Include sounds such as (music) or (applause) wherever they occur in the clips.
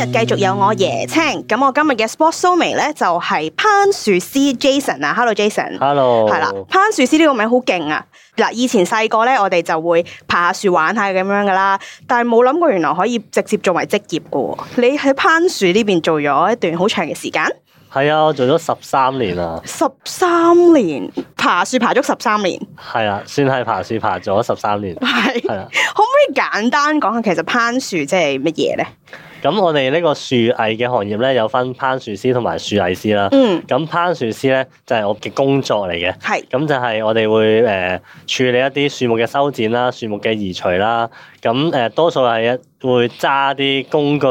今日繼續有我爺青，咁我今日嘅 Sportsomate 咧就係攀樹師 Jason 啊，Hello Jason，Hello，係啦，攀樹 Hello 師呢個名好勁啊！嗱，以前細個咧我哋就會爬下樹玩下咁樣噶啦，但係冇諗過原來可以直接作為職業噶。你喺攀樹呢邊做咗一段好長嘅時間？係啊，我做咗十三年啊！十三年爬樹爬咗十三年，係啊，算係爬樹爬咗十三年。係， (laughs) 可唔可以簡單講下其實攀樹即係乜嘢咧？咁我哋呢個樹藝嘅行業咧，有分攀樹師同埋樹藝師啦。嗯。咁攀樹師咧就係我嘅工作嚟嘅。係。咁就係我哋會誒處理一啲樹木嘅修剪啦、樹木嘅移除啦。咁誒多數係一會揸啲工具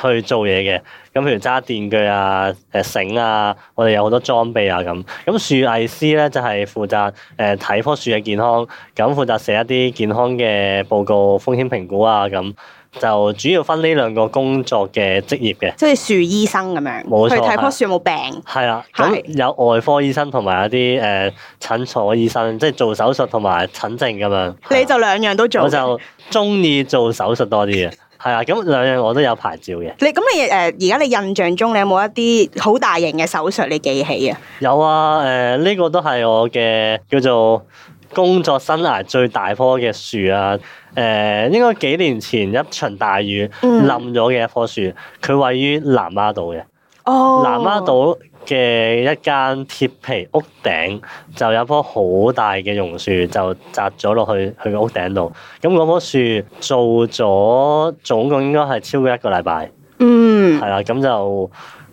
去做嘢嘅。咁譬如揸電鋸啊、誒繩啊，我哋有好多裝備啊咁。咁樹藝師咧就係負責誒睇棵樹嘅健康，咁負責寫一啲健康嘅報告、風險評估啊咁。就主要分呢兩個工作嘅職業嘅，即係樹醫生咁樣，去睇錯棵樹有冇病。係啊的，咁的有外科醫生同埋一啲誒診所醫生，即係做手術同埋診症咁樣。你就兩樣都做的。我就中意做手術多啲嘅，係啊， (laughs) 咁兩樣我都有牌照嘅。你咁你誒，而家你印象中你有冇一啲好大型嘅手術你記起啊？有啊，誒、呃、呢、呢個都係我嘅叫做。工作生涯最大棵嘅樹啊，誒、呃、應該幾年前一場大雨冧咗嘅一棵樹，佢位於南丫島嘅。哦，南丫島嘅一間鐵皮屋頂就有棵好大嘅榕樹，就摘咗落去佢個屋頂度。咁嗰棵樹做咗總共應該係超過一個禮拜。嗯，係啦，咁就。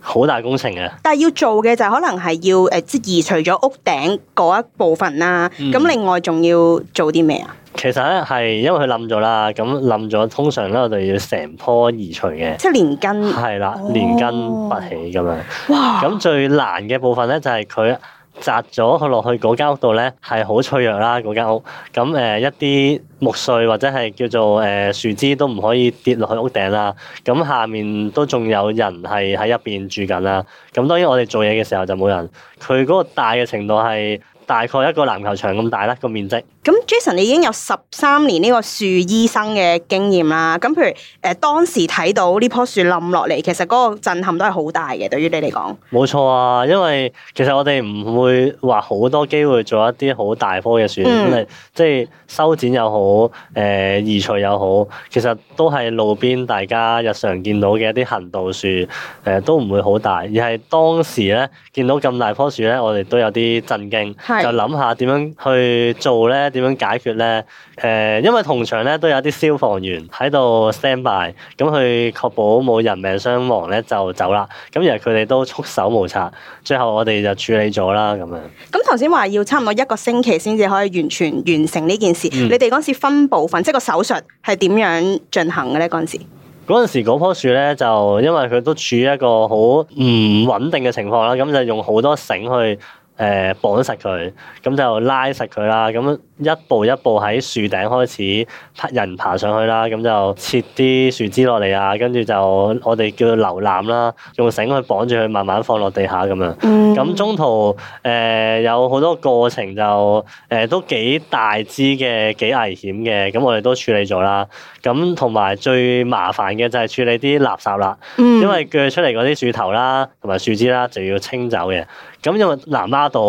好大工程嘅，但係要做嘅就可能係要誒，即移除咗屋頂嗰一部分啦。咁、嗯、另外仲要做啲咩啊？其實係因為佢冧咗啦，咁冧咗通常咧我哋要成棵移除嘅，即係連根係啦，了哦、連根拔起咁樣。哇！咁最難嘅部分咧就係佢。砸咗佢落去嗰間屋度咧，係好脆弱啦，嗰間屋。咁誒、呃，一啲木碎或者係叫做誒樹、呃、枝都唔可以跌落去屋頂啦。咁下面都仲有人係喺入邊住緊啦。咁當然我哋做嘢嘅時候就冇人。佢嗰個大嘅程度係，大概一個籃球場咁大啦，這個面積。咁 Jason，你已經有十三年呢個樹醫生嘅經驗啦。咁譬如誒、呃，當時睇到呢棵樹冧落嚟，其實嗰個震撼都係好大嘅。對於你嚟講，冇錯啊。因為其實我哋唔會話好多機會做一啲好大棵嘅樹，咁你、嗯、即係修剪又好，誒、呃、移除又好，其實都係路邊大家日常見到嘅一啲行道樹，誒、呃、都唔會好大。而係當時咧見到咁大棵樹咧，我哋都有啲震驚。就諗下點樣去做咧？點樣解決咧？誒、呃，因為同場咧都有啲消防員喺度 stand by，咁去確保冇人命傷亡咧，就走啦。咁而係佢哋都束手無策，最後我哋就處理咗啦。咁樣。咁頭先話要差唔多一個星期先至可以完全完成呢件事。嗯、你哋嗰陣時分部分，即係個手術係點樣進行嘅咧？嗰陣時，嗰陣時嗰樖樹咧，就因為佢都處於一個好唔穩定嘅情況啦，咁就用好多繩去。誒綁實佢，咁、嗯、就拉實佢啦。咁一步一步喺樹頂開始，人爬上去啦。咁就切啲樹枝落嚟啊，跟住就我哋叫瀏覽啦，用繩去綁住佢，慢慢放落地下咁樣。咁、嗯、中途誒、呃、有好多過程就，就、呃、誒都幾大支嘅，幾危險嘅。咁我哋都處理咗啦。咁同埋最麻煩嘅就係處理啲垃圾啦，因為鋸出嚟啲樹頭啦，同埋樹枝啦，就要清走嘅。咁因為藍貓，呃媽媽到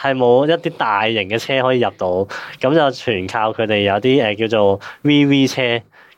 係冇一啲大型嘅車可以入到，咁就全靠佢哋有啲誒叫做 V V 車，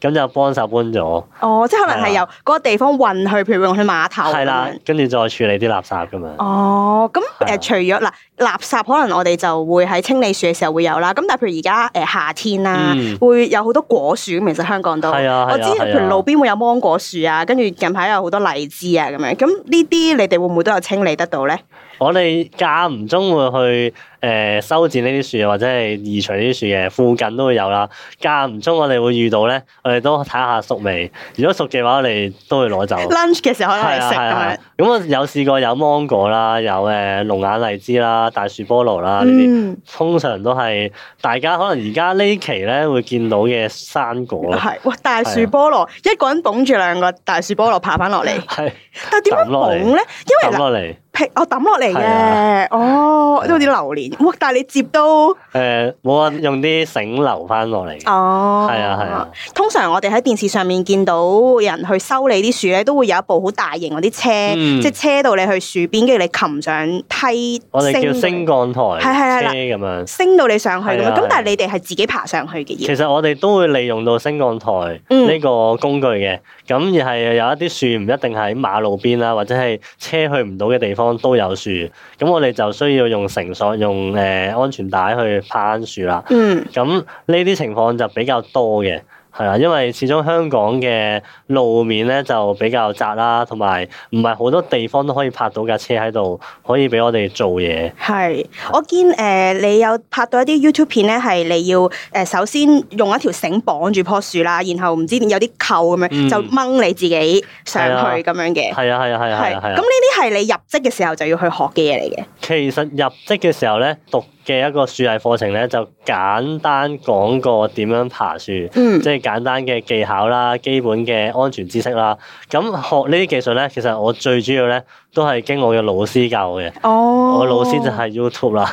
咁就幫手搬咗。哦，即係可能係由嗰個地方運去，譬如用去碼頭。係啦，跟住再處理啲垃圾咁樣。哦，咁誒，除咗嗱，垃圾可能我哋就會喺清理樹嘅時候會有啦。咁但係譬如而家誒夏天啦、啊，嗯、會有好多果樹咁，其實香港都，係啊，我知道譬如路邊會有芒果樹啊，跟住近排有好多荔枝啊咁樣。咁呢啲你哋會唔會都有清理得到咧？我哋間唔中會去誒、呃、修剪呢啲樹或者係移除呢啲樹嘅，附近都會有啦。間唔中我哋會遇到咧，我哋都睇下熟未。如果熟嘅話，我哋都會攞走。lunch 嘅時候可能食係啊。咁、啊樣嗯、我有試過有芒果啦，有誒龍、呃、眼荔枝啦，大樹菠蘿啦呢啲，嗯、通常都係大家可能而家呢期咧會見到嘅生果。係哇！大樹菠蘿，的一個人捧住兩個大樹菠蘿爬翻落嚟。係。但係點樣捧咧？ (laughs) 因為我抌落嚟嘅，哦，都有啲榴蓮。哇！但係你接到，誒，冇啊，用啲繩留翻落嚟。哦，係啊，係啊。通常我哋喺電視上面見到人去修理啲樹咧，都會有一部好大型嗰啲車，即係車到你去樹邊，跟住你擒上梯。我哋叫升降台，係係係啦，咁樣升到你上去咯。咁但係你哋係自己爬上去嘅嘢。其實我哋都會利用到升降台呢個工具嘅。咁而係有一啲樹唔一定喺馬路邊啦，或者係車去唔到嘅地方。都有樹，咁我哋就需要用繩索、用誒、呃、安全帶去攀樹啦。咁呢啲情況就比較多嘅。係啊，因為始終香港嘅路面咧就比較窄啦，同埋唔係好多地方都可以泊到架車喺度，可以俾我哋做嘢。係，我見誒、呃、你有拍到一啲 YouTube 片咧，係你要誒、呃、首先用一條繩綁住棵樹啦，然後唔知點有啲扣咁樣就掹你自己上去咁、嗯、樣嘅。係啊，係啊，係啊，係啊。咁呢啲係你入職嘅時候就要去學嘅嘢嚟嘅。其實入職嘅時候咧，讀。嘅一個樹藝課程咧，就簡單講過點樣爬樹，嗯、即係簡單嘅技巧啦、基本嘅安全知識啦。咁學呢啲技術咧，其實我最主要咧都係經我嘅老師教嘅。哦，我老師就係 YouTube 啦。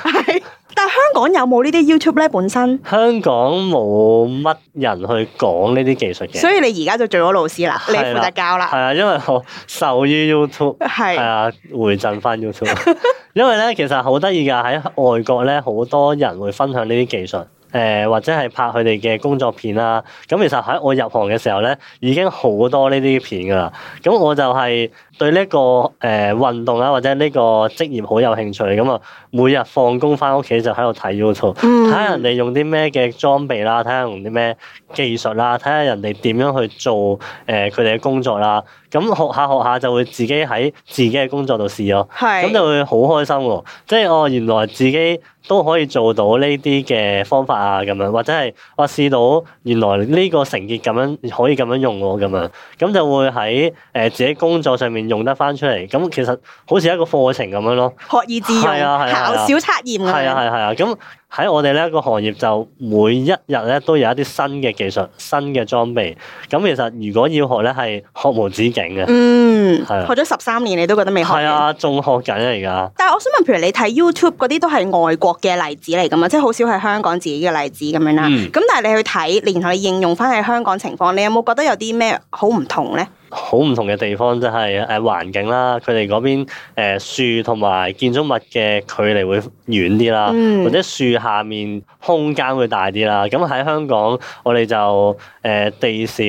但係香港有冇呢啲 YouTube 咧？本身香港冇乜人去講呢啲技術嘅。所以你而家就做咗老師啦，你負責教啦。係啊，因為我受於 YouTube，係啊的，回贈翻 YouTube。 (laughs) 因為咧，其實好得意噶，喺外國咧，好多人會分享呢啲技術，誒、呃、或者係拍佢哋嘅工作片啦。咁其實喺我入行嘅時候咧，已經好多呢啲片噶啦。咁我就係對呢、呢個誒、呃、運動啊，或者呢個職業好有興趣咁啊。每日放工翻屋企就喺度睇 YouTube，睇下人哋用啲咩嘅裝備啦，睇下用啲咩技術啦，睇下人哋點樣去做誒佢哋嘅工作啦。咁學下學下就會自己喺自己嘅工作度試咯，咁是就會好開心喎。即係哦，原來自己都可以做到呢啲嘅方法啊，咁樣或者係我試到原來呢個成結咁樣可以咁樣用喎，咁樣咁就會喺誒、呃、自己工作上面用得翻出嚟。咁其實好似一個課程咁樣咯，學以致用係啊係啊。小測驗係啊係係啊，咁喺我哋呢一個行業就每一日咧都有一啲新嘅技術、新嘅裝備，咁其實如果要學咧係學無止境嘅，嗯，係的學咗十三年你都覺得未學係啊，仲學緊嚟㗎。但係我想問，譬如你睇 YouTube 嗰啲都係外國嘅例子嚟㗎嘛，即係好少係香港自己嘅例子咁樣啦。咁、嗯、但係你去睇，然後你應用翻喺香港情況，你有冇覺得有啲咩好唔同咧？好唔同嘅地方，就係、是、誒環境啦，佢哋嗰邊誒、呃、樹同埋建築物嘅距離會遠啲啦，嗯、或者樹下面空間會大啲啦。咁喺香港，我，我哋就誒地少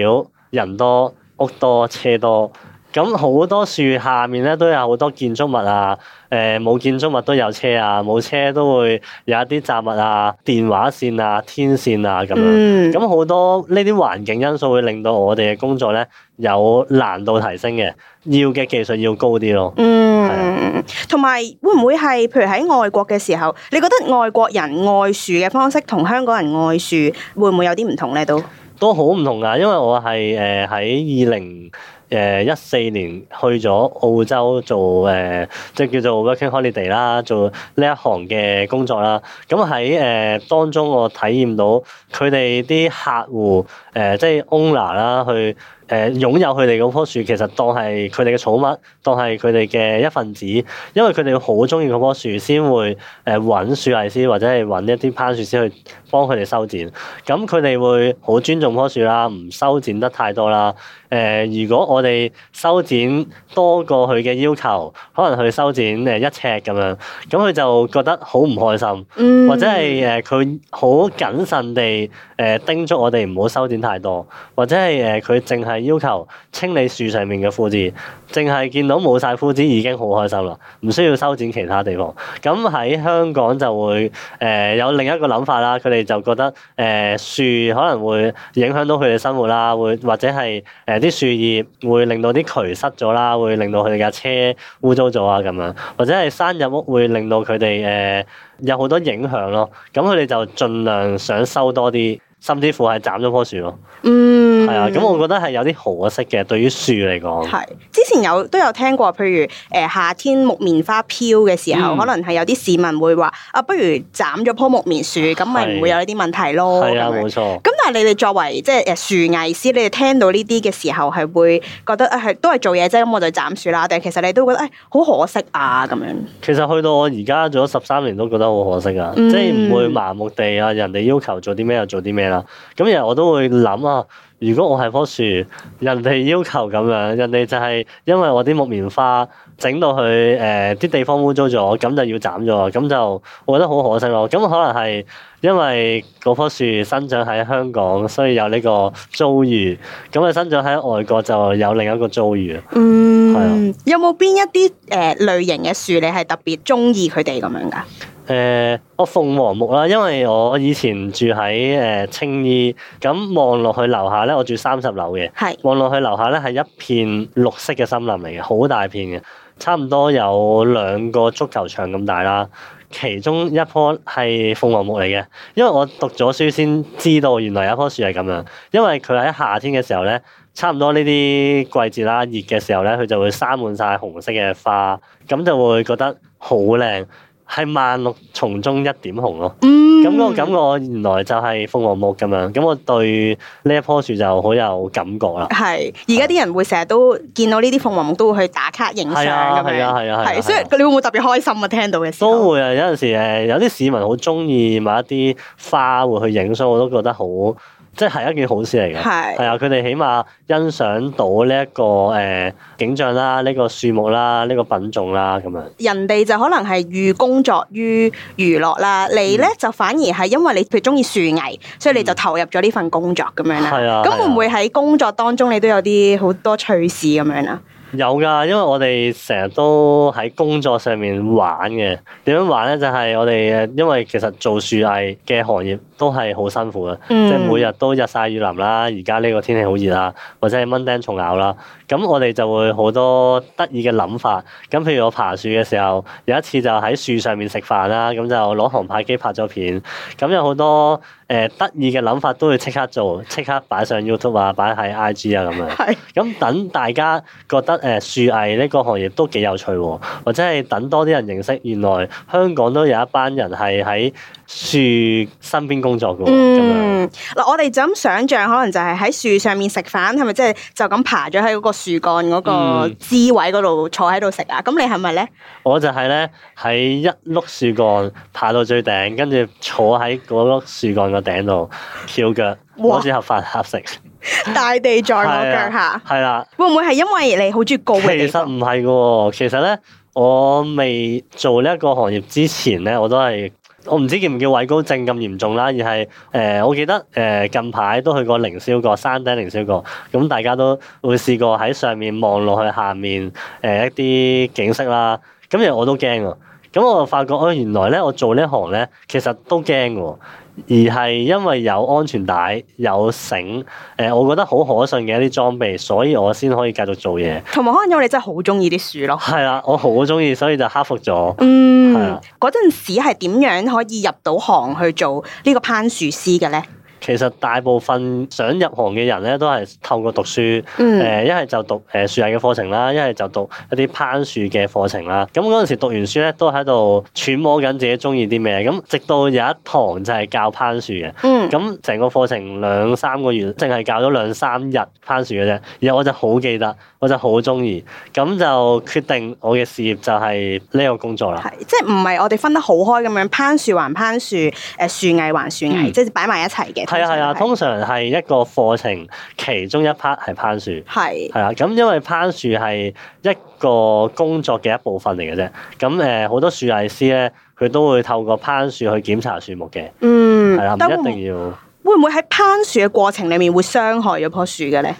人多，屋多車多。咁好多樹下面咧都有好多建築物啊！誒、呃、冇建築物都有車啊，冇車都會有一啲雜物啊、電話線啊、天線啊咁樣。咁好、嗯、多呢啲環境因素會令到我哋嘅工作咧有難度提升嘅，要嘅技術要高啲咯。嗯，同埋是會唔會係譬如喺外國嘅時候，你覺得外國人愛樹嘅方式同香港人愛樹會唔會有啲唔同咧？都都好唔同㗎，因為我係誒喺二零。呃誒一四年去咗澳洲做誒、呃、即係叫做 working holiday 啦，做呢一行嘅工作啦。咁喺誒當中我體驗到佢哋啲客戶誒、呃、即係 owner 啦去。誒擁有佢哋嗰棵樹，其實當係佢哋嘅寵物，當係佢哋嘅一份子，因為佢哋好中意嗰棵樹，先會誒揾樹藝師或者係揾一啲攀樹師去幫佢哋修剪。咁佢哋會好尊重棵樹啦，唔修剪得太多啦。誒、呃，如果我哋修剪多過佢嘅要求，可能佢修剪誒一尺咁樣，咁佢就覺得好唔開心。或者係誒，佢好謹慎地誒叮囑我哋唔好修剪太多，或者係誒佢淨係係要求清理樹上面嘅枯枝，淨係見到冇晒枯枝已經好開心啦，唔需要修剪其他地方。咁喺香港就會誒、呃、有另一個諗法啦，佢哋就覺得誒、呃、樹可能會影響到佢哋生活啦，會或者係誒啲樹葉會令到啲渠塞咗啦，會令到佢哋架車污糟咗啊咁樣，或者係山入屋會令到佢哋誒有好多影響咯。咁佢哋就盡量想收多啲。甚至乎係斬咗棵樹咯，嗯，係啊，咁我覺得係有啲好可惜嘅，對於樹嚟講，係之前有都有聽過，譬如誒、呃、夏天木棉花飄嘅時候，嗯、可能係有啲市民會話啊，不如斬咗棵木棉樹，咁咪唔會有呢啲問題咯，係啊，冇錯。咁但係你哋作為即係誒樹藝師，你哋聽到呢啲嘅時候係會覺得啊，係、哎、都係做嘢啫，咁我就斬樹啦。但係其實你都會覺得誒、哎、好可惜啊，咁樣。其實去到我而家做咗十三年都覺得好可惜啊，嗯、即係唔會盲目地啊，人哋要求做啲咩就做啲咩。咁然後我都會諗啊，如果我係棵樹，人哋要求咁樣，人哋就係因為我啲木棉花整到佢誒啲地方污糟咗，咁就要斬咗，咁就我覺得好可惜咯。咁可能係因為嗰棵樹生長喺香港，所以有呢個遭遇。咁啊生長喺外國就有另一個遭遇。嗯，係啊，有冇邊一啲誒類型嘅樹你係特別中意佢哋咁樣噶？誒，個、呃、鳳凰木啦，因為我以前住喺誒青衣，咁望落去樓下咧，我住三十樓嘅，望落是去樓下咧係一片綠色嘅森林嚟嘅，好大片嘅，差唔多有兩個足球場咁大啦。其中一棵係鳳凰木嚟嘅，因為我讀咗書先知道原來有一棵樹係咁樣，因為佢喺夏天嘅時候咧，差唔多呢啲季節啦，熱嘅時候咧，佢就會生滿晒紅色嘅花，咁就會覺得好靚。係萬綠叢中一點紅咯，咁、嗯、個感覺原來就係鳳凰木咁樣，咁我對呢一棵樹就好有感覺啦。係，而家啲人會成日都見到呢啲鳳凰木都會去打卡影相咁，係啊係啊係啊，所以你會唔會特別開心啊？聽到嘅時候？都會啊，有陣時誒，有啲市民好中意某一啲花會去影相，我都覺得好。即係一件好事嚟嘅，係啊的！佢哋起碼欣賞到呢、這、一個誒、呃、景象啦，呢、這個樹木啦，呢、這個品種啦，咁樣。人哋就可能係寓工作於娛樂啦，你咧、嗯、就反而係因為你佢中意樹藝，所以你就投入咗呢份工作咁、嗯、樣啦。係啊的，咁會唔會喺工作當中你都有啲好多趣事咁樣啊？有噶，因為我哋成日都喺工作上面玩嘅。點樣玩咧？就係、誒、我哋，因為其實做樹藝嘅行業都係好辛苦嘅，嗯、即係每日都日曬雨淋啦。而家呢個天氣好熱啦，或者係蚊叮蟲咬啦。咁我哋就會好多得意嘅諗法。咁譬如我爬樹嘅時候，有一次就喺樹上面食飯啦。咁就攞航拍機拍咗片。咁有好多。誒、呃、得意嘅諗法都會即刻做，即刻擺上 YouTube 啊，擺喺 IG 啊咁樣。係。咁等大家覺得誒、呃、樹藝呢個行業都幾有趣喎，或者係等多啲人認識，原來香港都有一班人係喺樹身邊工作嘅喎，咁、嗯、樣嗱，我哋就咁想象，可能就係喺樹上面食飯，係咪即係就咁爬咗喺嗰個樹幹嗰個枝位嗰度坐喺度食啊？咁、嗯、你係咪咧？我就係咧喺一碌樹幹爬到最頂，跟住坐喺嗰碌樹幹個頂度翹腳，翹腳哇我好似合法合食， (laughs) 大地在我腳下，係啦。會唔會係因為你好中意高其？其實唔係嘅，其實咧，我未做呢一個行業之前咧，我都係。我唔知叫唔叫畏高症咁嚴重啦，而係誒、呃、我記得誒、呃、近排都去過凌霄閣，山頂凌霄閣，咁、嗯、大家都會試過喺上面望落去下面誒、呃、一啲景色啦。咁其實我都驚啊，咁、嗯、我就發覺哦、哎、原來咧我做呢行咧其實都驚喎、哦。而係因為有安全帶、有繩，誒，我覺得好可信嘅一啲裝備，所以我先可以繼續做嘢。同埋可能因為你真係好中意啲樹咯。係啊，我好中意，所以就克服咗。嗯，係啊的。嗰陣時係點樣可以入到行去做呢個攀樹師嘅咧？其實大部分想入行嘅人咧，都係透過讀書，誒一係就讀誒樹藝嘅課程啦，一係就讀一啲攀樹嘅課程啦。咁嗰陣時讀完書咧，都喺度揣摩緊自己中意啲咩。咁直到有一堂就係教攀樹嘅，咁成、嗯、個課程兩三個月，淨係教咗兩三日攀樹嘅啫。而我就好記得。我就好中意，咁就決定我嘅事業就係呢個工作啦。係，即係唔係我哋分得好開咁樣，攀樹還攀樹，誒、呃，樹藝還樹藝，嗯、即係擺埋一齊嘅。係啊係啊，通常係一個課程其中一 part 係攀樹。係的。係啊，咁因為攀樹係一個工作嘅一部分嚟嘅啫。咁誒，好、呃、多樹藝師咧，佢都會透過攀樹去檢查樹木嘅。嗯。係啦，唔一定要。會唔會喺攀樹嘅過程裏面會傷害咗棵樹嘅咧？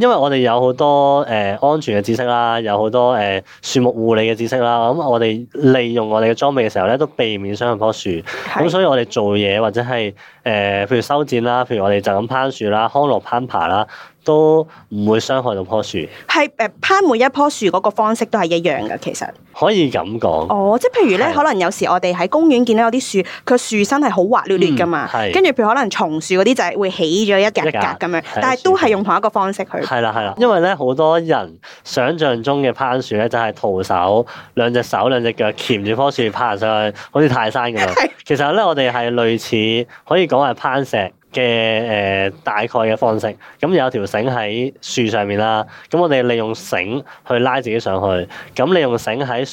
因為我哋有好多誒、呃、安全嘅知識啦，有好多誒、呃、樹木護理嘅知識啦，咁、嗯、我哋利用我哋嘅裝備嘅時候咧，都避免傷害棵樹。咁是、嗯、所以我哋做嘢或者係誒、呃，譬如修剪啦，譬如我哋就咁攀樹啦，康樂攀爬啦，都唔會傷害到棵樹。係，誒，攀每一棵樹嗰個方式都係一樣嘅，其實可以咁講。哦，即係譬如咧，的可能有時我哋喺公園見到有啲樹，佢樹身係好滑溜溜噶嘛。係、嗯。跟住譬如可能松樹嗰啲就係會起咗一格一格咁樣，的但係都係用同一個方式去。係啦係啦。因為咧，好多人想像中嘅攀樹咧就係、是、徒手兩隻手兩隻腳鉗住棵樹爬上去，好似泰山咁樣。其實咧，我哋係類似，可以講係攀石。嘅誒、呃、大概嘅方式，咁有條繩喺樹上面啦，咁我哋利用繩去拉自己上去，咁利用繩喺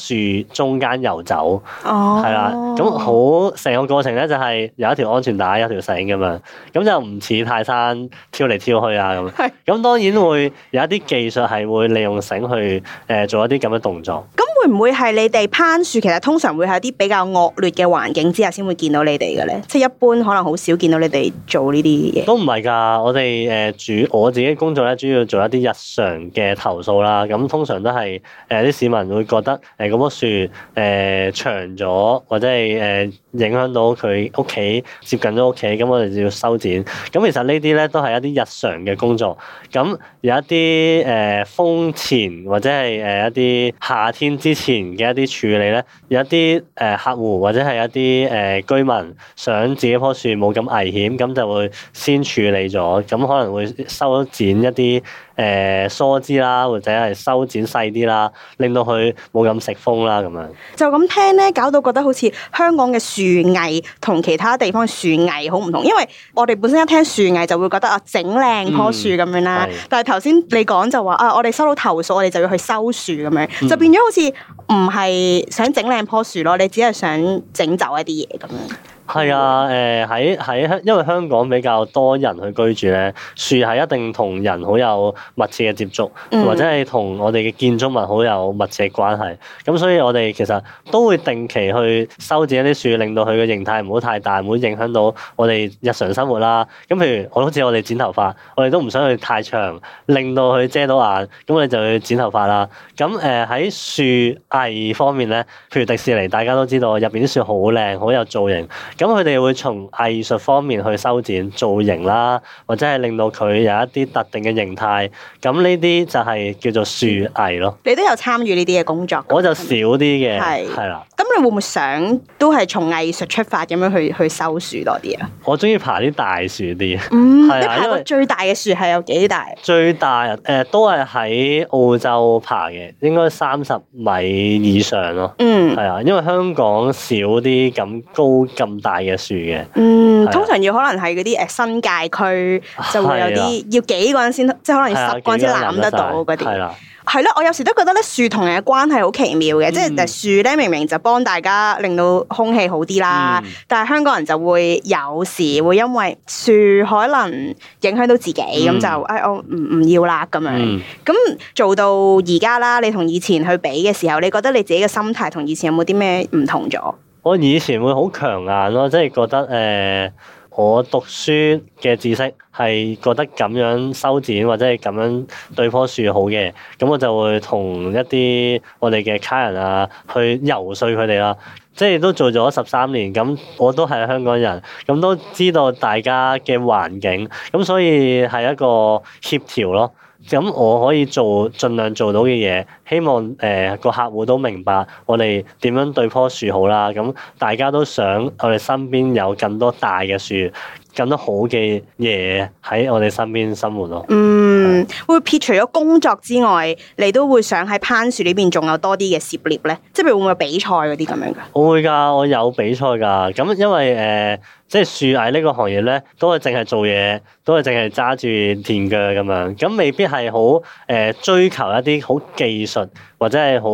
樹中間游走，係啦、oh.，咁好成個過程咧就係有一條安全帶，有條繩咁樣，咁就唔似泰山跳嚟跳去啊咁樣，係，咁當然會有一啲技術係會利用繩去誒、呃、做一啲咁嘅動作。會唔會係你哋攀樹？其實通常會喺啲比較惡劣嘅環境之下，先會見到你哋嘅咧。即係一般可能好少見到你哋做呢啲嘢。都唔係噶，我哋誒主我自己工作咧，主要做一啲日常嘅投訴啦。咁通常都係誒啲市民會覺得誒嗰、呃、棵樹誒、呃、長咗，或者係誒、呃、影響到佢屋企接近咗屋企，咁我哋就要修剪。咁其實呢啲咧都係一啲日常嘅工作。咁有一啲誒、呃、風前或者係誒一啲夏天之前嘅一啲處理咧，有一啲誒、呃、客戶或者係一啲誒、呃、居民想自己棵樹冇咁危險，咁就會先處理咗，咁可能會修剪一啲。誒、呃、疏枝啦，或者係修剪細啲啦，令到佢冇咁食風啦，咁樣。就咁聽咧，搞到覺得好似香港嘅樹藝同其他地方樹藝好唔同，因為我哋本身一聽樹藝就會覺得啊，整靚棵樹咁樣啦。嗯、但係頭先你講就話啊，我哋收到投訴，我哋就要去收樹咁樣，就變咗好似唔係想整靚棵樹咯，你只係想整走一啲嘢咁樣。係啊，誒喺喺香，因為香港比較多人去居住咧，樹係一定同人好有密切嘅接觸，或者係同我哋嘅建築物好有密切嘅關係。咁所以我哋其實都會定期去修剪一啲樹，令到佢嘅形態唔好太大，唔會影響到我哋日常生活啦。咁譬如好似我哋剪頭髮，我哋都唔想去太長，令到佢遮到眼，咁我哋就去剪頭髮啦。咁誒喺樹藝方面咧，譬如迪士尼，大家都知道入邊啲樹好靚，好有造型。咁佢哋會從藝術方面去修剪造型啦，或者係令到佢有一啲特定嘅形態。咁呢啲就係叫做樹藝咯。你都有參與呢啲嘅工作？我就少啲嘅，係係啦。咁的你會唔會想都係從藝術出發咁樣去去修樹多啲啊？我中意爬啲大樹啲，嗯，的你爬過為最大嘅樹係有幾大？最大誒、呃、都係喺澳洲爬嘅，應該三十米以上咯。嗯，係啊，因為香港少啲咁高咁。大嘅樹嘅，嗯，通常要可能係嗰啲誒新界區的就會有啲要幾個人先，的即係可能要十個人先攬得到嗰啲，係啦的。我有時都覺得咧樹同人嘅關係好奇妙嘅，嗯、即係樹咧明明就幫大家令到空氣好啲啦，嗯、但係香港人就會有時會因為樹可能影響到自己，咁、嗯、就誒、哎、我唔唔要啦咁樣。咁、嗯、做到而家啦，你同以前去比嘅時候，你覺得你自己嘅心態同以前有冇啲咩唔同咗？我以前會好強硬咯，即係覺得誒、呃，我讀書嘅知識係覺得咁樣修剪或者係咁樣對棵樹好嘅，咁我就會同一啲我哋嘅客人啊去遊說佢哋啦。即係都做咗十三年，咁我都係香港人，咁都知道大家嘅環境，咁所以係一個協調咯。咁我可以做盡量做到嘅嘢，希望誒個、呃、客戶都明白我哋點樣對棵樹好啦。咁大家都想我哋身邊有更多大嘅樹，更多好嘅嘢喺我哋身邊生活咯。嗯，是會撇除咗工作之外，你都會想喺攀樹呢邊仲有多啲嘅涉獵咧？即係譬如會唔會比賽嗰啲咁樣㗎？我會㗎，我有比賽㗎。咁因為誒。呃即係樹藝呢個行業咧，都係淨係做嘢，都係淨係揸住電鋸咁樣，咁未必係好誒追求一啲好技術。或者係好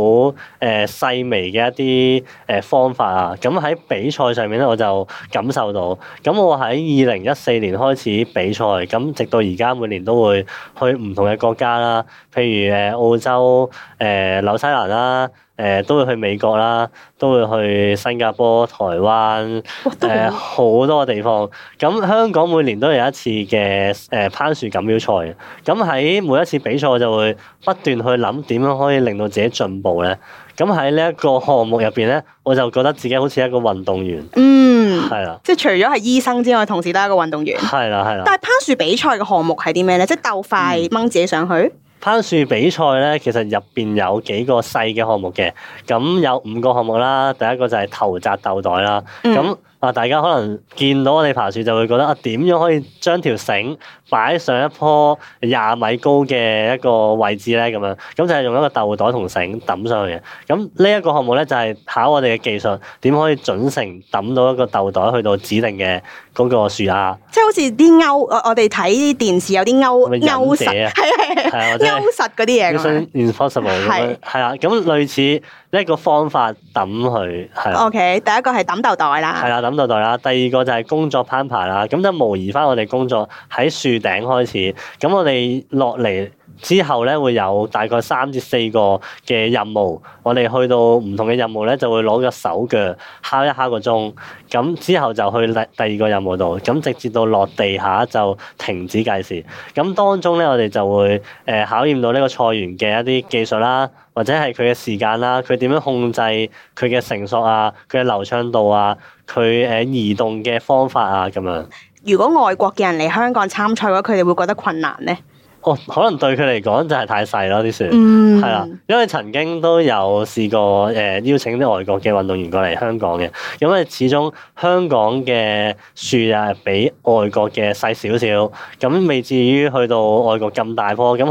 誒細微嘅一啲誒方法啊，咁喺比賽上面咧，我就感受到。咁我喺二零一四年開始比賽，咁直到而家每年都會去唔同嘅國家啦，譬如誒澳洲、誒紐西蘭啦，誒都會去美國啦，都會去新加坡、台灣，誒好多嘅地方。咁香港每年都有一次嘅誒攀樹錦標賽嘅，咁喺每一次比賽我就會不斷去諗點樣可以令到自己。自己進步咧，咁喺呢一個項目入邊咧，我就覺得自己好似一個運動員。嗯，係啦、啊，即係除咗係醫生之外，同時都係一個運動員。係啦、啊，係啦、啊。但係攀樹比賽嘅項目係啲咩咧？即係鬥快掹自己上去。嗯、攀樹比賽咧，其實入邊有幾個細嘅項目嘅，咁有五個項目啦。第一個就係頭扎斗袋啦。咁啊！大家可能見到我哋爬樹就會覺得啊，點樣可以將條繩擺上一棵廿米高嘅一個位置咧？咁樣咁就係用一個豆袋同繩揼上去嘅。咁呢一個項目咧就係、是、考我哋嘅技術，點可以準繩揼到一個豆袋去到指定嘅嗰個樹下。即係好似啲歐，我哋睇電視有啲歐係係歐實，係係係，歐實嗰啲嘢。Mission Impos (laughs) sible 係啊，咁類似。一個方法抌佢係啦。OK，第一個係抌豆袋啦。係啦，揼豆袋啦。第二個就係工作攀爬啦。咁就模擬翻我哋工作喺樹頂開始。咁我哋落嚟。之後咧會有大概三至四個嘅任務，我哋去到唔同嘅任務咧就會攞個手腳敲一敲一個鐘，咁之後就去第第二個任務度，咁直接到落地下就停止計時。咁當中咧我哋就會誒考驗到呢個賽員嘅一啲技術啦，或者係佢嘅時間啦，佢點樣控制佢嘅成熟啊，佢嘅流暢度啊，佢誒移動嘅方法啊咁樣。如果外國嘅人嚟香港參賽嘅話，佢哋會覺得困難咧？哦，可能對佢嚟講就係太細咯啲樹，係啦、嗯，因為曾經都有試過誒、呃、邀請啲外國嘅運動員過嚟香港嘅，咁、嗯、因為始終香港嘅樹啊比外國嘅細少少，咁未至於去到外國咁大棵，咁、嗯、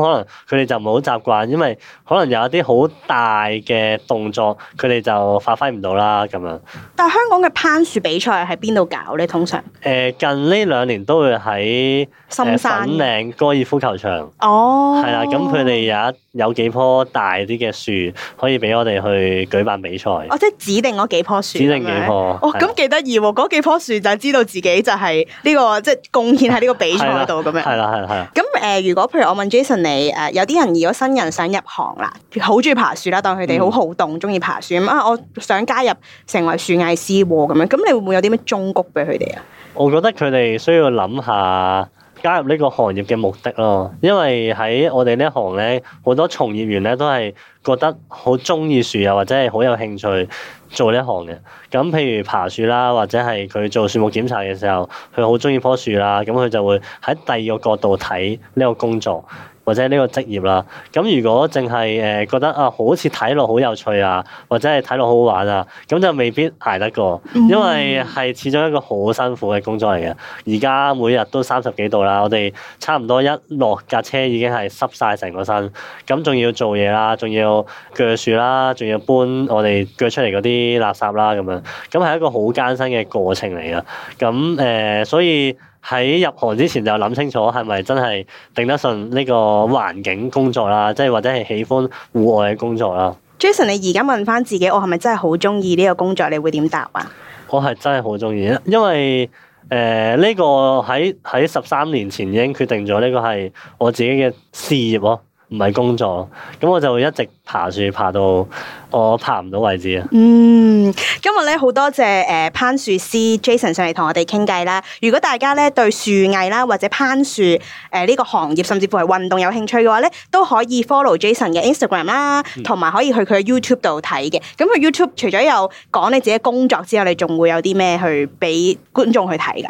可能佢哋就唔係好習慣，因為可能有一啲好大嘅動作，佢哋就發揮唔到啦咁樣。但係香港嘅攀樹比賽係邊度搞咧？通常誒、呃、近呢兩年都會喺、呃、深山粉嶺高爾夫球場。哦，係啦，咁佢哋有一有幾棵大啲嘅樹，可以俾我哋去舉辦比賽。哦，即係指定嗰幾棵樹。指定幾棵。嗎哦，咁幾得意嗰幾棵樹就知道自己就係呢、這個，即係貢獻喺呢個比賽度咁樣。係啦，係啦，係啦。咁誒、呃，如果譬如我問 Jason 你誒，有啲人如果新人想入行啦，好中意爬樹啦，當佢哋好好動，中意、嗯、爬樹咁啊，我想加入成為樹藝師咁樣，咁你會唔會有啲咩忠告俾佢哋啊？我覺得佢哋需要諗下。加入呢個行業嘅目的咯，因為喺我哋呢行咧，好多從業員咧都係覺得好中意樹啊，或者係好有興趣做呢一行嘅。咁譬如爬樹啦，或者係佢做樹木檢查嘅時候，佢好中意棵樹啦，咁佢就會喺第二個角度睇呢個工作。或者呢個職業啦，咁如果淨係誒覺得啊，好似睇落好有趣啊，或者係睇落好好玩啊，咁就未必捱得過，因為係始終一個好辛苦嘅工作嚟嘅。而家每日都三十幾度啦，我哋差唔多一落架車已經係濕晒成個身，咁仲要做嘢啦，仲要鋸樹啦，仲要搬我哋鋸出嚟嗰啲垃圾啦，咁樣，咁係一個好艱辛嘅過程嚟嘅。咁誒、呃，所以。喺入行之前就諗清楚係咪真係頂得順呢個環境工作啦，即係或者係喜歡戶外嘅工作啦。Jason，你而家問翻自己，我係咪真係好中意呢個工作？你會點答啊？我係真係好中意，因為誒呢、呃這個喺喺十三年前已經決定咗，呢個係我自己嘅事業咯。唔係工作，咁我就會一直爬樹爬到我爬唔到位置啊。嗯，今日咧好多謝誒、呃、攀樹師 Jason 上嚟同我哋傾偈啦。如果大家咧對樹藝啦或者攀樹誒呢、呃這個行業甚至乎係運動有興趣嘅話咧，都可以 follow Jason 嘅 Instagram 啦，同埋、嗯、可以去佢嘅 YouTube 度睇嘅。咁佢 YouTube 除咗有講你自己工作之後，你仲會有啲咩去俾觀眾去睇㗎？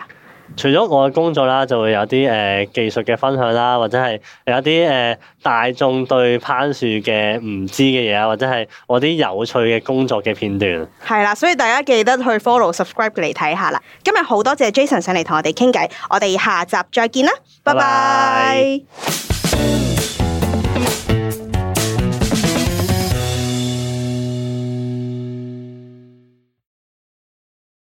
除咗我嘅工作啦，就會有啲誒、呃、技術嘅分享啦，或者係有啲誒、呃、大眾對攀樹嘅唔知嘅嘢啊，或者係我啲有趣嘅工作嘅片段。係啦，所以大家記得去 follow subscribe 嚟睇下啦。今日好多謝 Jason 上嚟同我哋傾偈，我哋下集再見啦，拜拜 bye。Bye bye。